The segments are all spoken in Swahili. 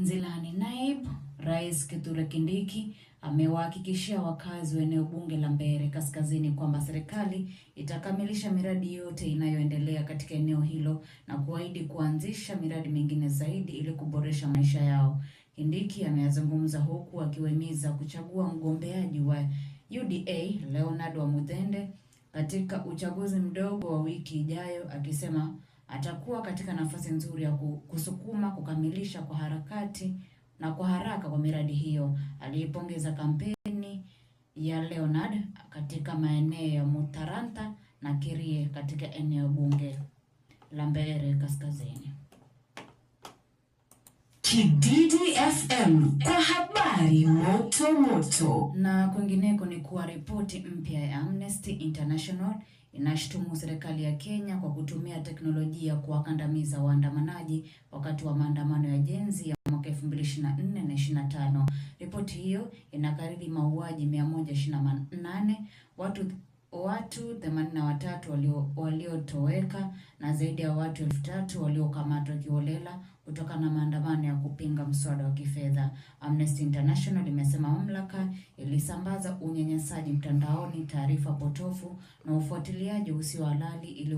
Nzilani, naibu rais Kithure Kindiki amewahakikishia wakazi wa eneo bunge la Mbeere Kaskazini kwamba serikali itakamilisha miradi yote inayoendelea katika eneo hilo na kuahidi kuanzisha miradi mingine zaidi ili kuboresha maisha yao. Kindiki ameyazungumza huku akiwahimiza kuchagua mgombeaji wa UDA Leonard Wamuthende katika uchaguzi mdogo wa wiki ijayo akisema atakuwa katika nafasi nzuri ya kusukuma kukamilisha kwa harakati na kwa haraka kwa miradi hiyo. aliyepongeza kampeni ya Leonard katika maeneo ya Mutaranta na Kirie katika eneo bunge la Mbeere Kaskazini. Kididi FM kwa habari moto moto. Na kwingineko ni kuwa ripoti mpya ya Amnesty International inashutumu serikali ya Kenya kwa kutumia teknolojia kuwakandamiza waandamanaji wakati wa maandamano ya jenzi ya mwaka 2024 na 25. Ripoti hiyo inakariri mauaji 128 watu watu 83 waliotoweka walio waliotoweka na zaidi ya watu elfu waliokamatwa kiolela kutokana na maandamano ya kupinga mswada wa kifedha. Amnesty International imesema mamlaka ilisambaza unyanyasaji mtandaoni, taarifa potofu na ufuatiliaji usio halali ili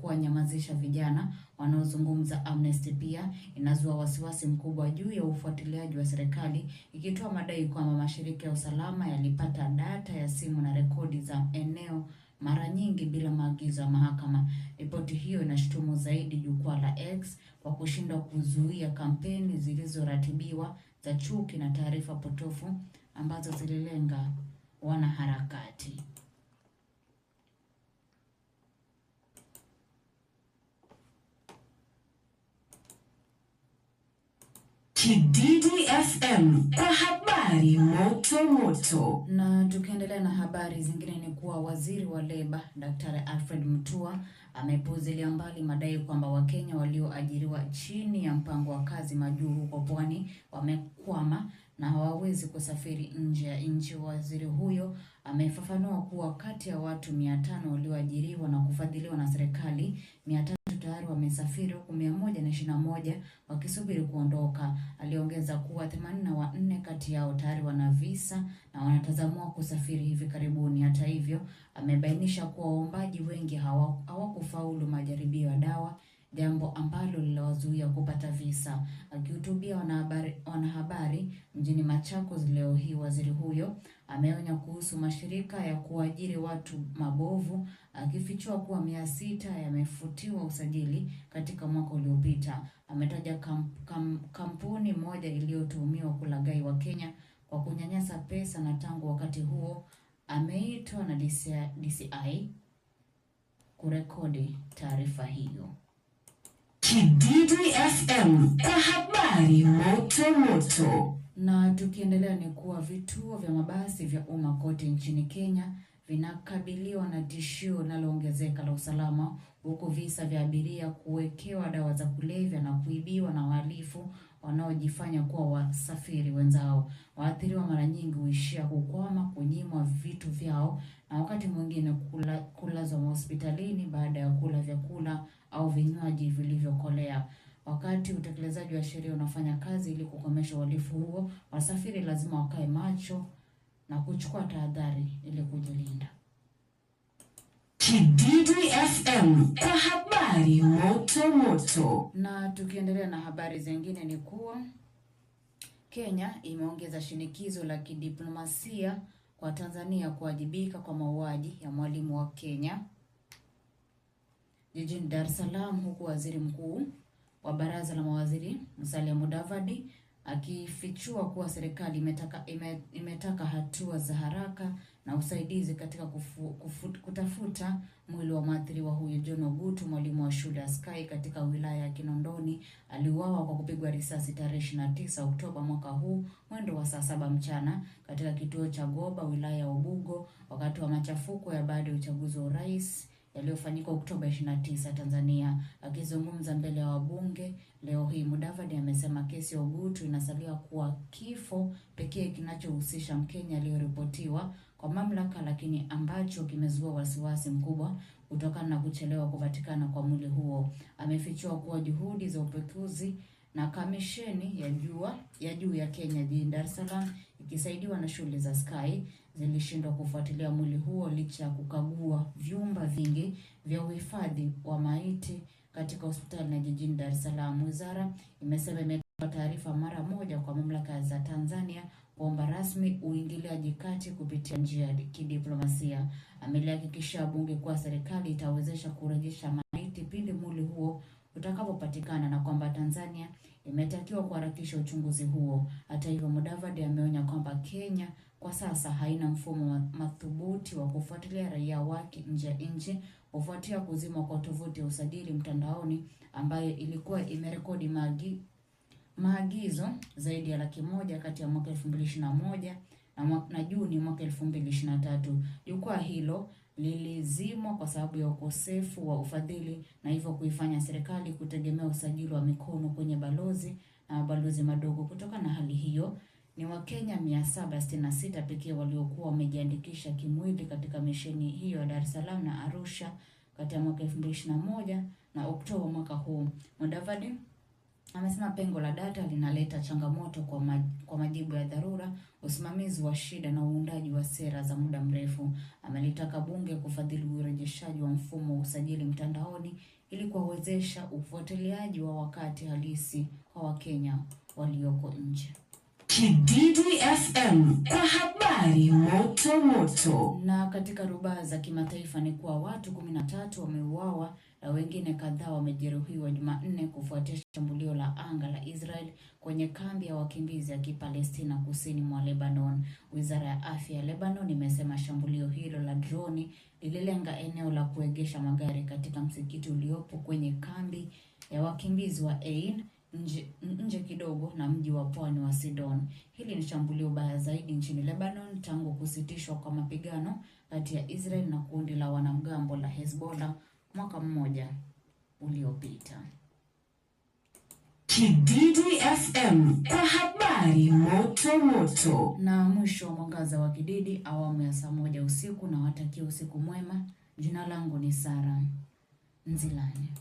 kuwanyamazisha vijana wanaozungumza. Amnesty pia inazua wasiwasi mkubwa juu ya ufuatiliaji wa serikali, ikitoa madai kwamba mashirika ya usalama yalipata data ya simu na rekodi za eneo mara nyingi bila maagizo ya mahakama. Ripoti hiyo inashutumu zaidi jukwaa la X kwa kushindwa kuzuia kampeni zilizoratibiwa za chuki na taarifa potofu ambazo zililenga wanaharakati. Kididi FM habari moto moto. Na tukiendelea na habari zingine ni kuwa waziri wa leba Daktari Alfred Mutua amepuuzilia mbali madai kwamba Wakenya walioajiriwa chini ya mpango wa kazi majuu huko pwani wamekwama na hawawezi kusafiri nje ya nchi. Waziri huyo amefafanua kuwa kati ya watu mia tano walioajiriwa na kufadhiliwa na serikali mia tayari wamesafiri huku mia moja na ishirini na moja wakisubiri kuondoka. Aliongeza kuwa themanini na wanne kati yao tayari wana visa na wanatazamua kusafiri hivi karibuni. Hata hivyo, amebainisha kuwa waombaji wengi hawakufaulu majaribio ya dawa jambo ambalo liliwazuia kupata visa. Akihutubia wanahabari, wanahabari mjini Machakos leo hii, waziri huyo ameonya kuhusu mashirika ya kuajiri watu mabovu, akifichua kuwa mia sita yamefutiwa usajili katika mwaka uliopita. Ametaja kam, kam, kampuni moja iliyotuhumiwa kulaghai kenya kwa kunyanyasa pesa, na tangu wakati huo ameitwa na DCI, DCI kurekodi taarifa hiyo. Kididi FM kwa habari moto moto. Na tukiendelea ni kuwa vituo vya mabasi vya umma kote nchini Kenya vinakabiliwa na tishio linaloongezeka la usalama, huku visa vya abiria kuwekewa dawa za kulevya na kuibiwa na wahalifu wanaojifanya kuwa wasafiri wenzao. Waathiriwa mara nyingi huishia kukwama, kunyimwa vitu vyao na wakati mwingine kula kulazwa mahospitalini baada ya kula vyakula au vinywaji vilivyokolea. Wakati utekelezaji wa sheria unafanya kazi ili kukomesha uhalifu huo, wasafiri lazima wakae macho na kuchukua tahadhari ili kujilinda. Kididi FM kwa habari moto moto. Na tukiendelea na habari zingine ni kuwa Kenya imeongeza shinikizo la kidiplomasia kwa Tanzania kuwajibika kwa mauaji ya mwalimu wa Kenya jijini Dar es Salaam, huku waziri mkuu wa baraza la mawaziri Musalia Mudavadi akifichua kuwa serikali imetaka, imetaka hatua za haraka na usaidizi katika kufu, kufu, kutafuta mwili wa mwathiriwa huyo. John Ogutu, mwalimu wa shule ya Sky katika wilaya ya Kinondoni, aliuawa kwa kupigwa risasi tarehe 29 Oktoba mwaka huu mwendo wa saa saba mchana katika kituo cha Goba wilaya ya Ubugo wakati wa machafuko ya baada ya uchaguzi wa urais yaliyofanyika Oktoba 29 Tanzania. Akizungumza mbele ya wabunge leo hii, Mudavadi amesema kesi ya Ogutu inasalia kuwa kifo pekee kinachohusisha Mkenya aliyoripotiwa kwa mamlaka, lakini ambacho kimezua wasiwasi mkubwa kutokana na kuchelewa kupatikana kwa mwili huo. Amefichua kuwa juhudi za upekuzi na Kamisheni ya Jua ya Juu ya Kenya jijini Dar es Salaam ikisaidiwa na shule za Sky zilishindwa kufuatilia mwili huo licha ya kukagua vyumba vingi vya uhifadhi wa maiti katika hospitali na jijini Dar es Salaam. Wizara imesema imetoa taarifa mara moja kwa mamlaka za Tanzania kuomba rasmi uingiliaji kati kupitia njia ya kidiplomasia. Amelihakikishia bunge kuwa serikali itawezesha kurejesha maiti pindi mwili huo utakapopatikana na kwamba Tanzania imetakiwa kuharakisha uchunguzi huo. Hata hivyo, Mudavadi ameonya kwamba Kenya kwa sasa haina mfumo madhubuti wa kufuatilia raia wake nje ya nchi kufuatia kuzimwa kwa tovuti ya usajili mtandaoni ambayo ilikuwa imerekodi magi maagizo zaidi ya laki moja kati ya mwaka 2021 na, na Juni mwaka 2023. Jukwaa hilo lilizimwa kwa sababu ya ukosefu wa ufadhili na hivyo kuifanya serikali kutegemea usajili wa mikono kwenye balozi na mabalozi madogo. Kutokana na hali hiyo, ni Wakenya 766 pekee waliokuwa wamejiandikisha kimwili katika misheni hiyo ya Dar es Salaam na Arusha kati ya mwaka 2021 na Oktoba mwaka huu. Mudavadi Amesema pengo la data linaleta changamoto kwa maj, kwa majibu ya dharura, usimamizi wa shida na uundaji wa sera za muda mrefu. Amelitaka bunge kufadhili urejeshaji wa mfumo wa usajili mtandaoni ili kuwawezesha ufuatiliaji wa wakati halisi kwa Wakenya walioko nje. Kididi FM kwa habari moto moto. Na katika rubaa za kimataifa ni kuwa watu 13 wameuawa na wengine kadhaa wamejeruhiwa Jumanne kufuatia shambulio la anga la Israel kwenye kambi ya wakimbizi ya Kipalestina kusini mwa Lebanon. Wizara ya afya ya Lebanon imesema shambulio hilo la droni lililenga eneo la kuegesha magari katika msikiti uliopo kwenye kambi ya wakimbizi wa Ain nje, nje kidogo na mji wa pwani wa Sidon. Hili ni shambulio baya zaidi nchini Lebanon tangu kusitishwa kwa mapigano kati ya Israel na kundi la wanamgambo la Hezbollah mwaka mmoja uliopita. Kididi FM kwa habari moto moto. Na mwisho wa mwangaza wa Kididi awamu ya saa moja usiku, na watakia usiku mwema. Jina langu ni Sara Nzilani.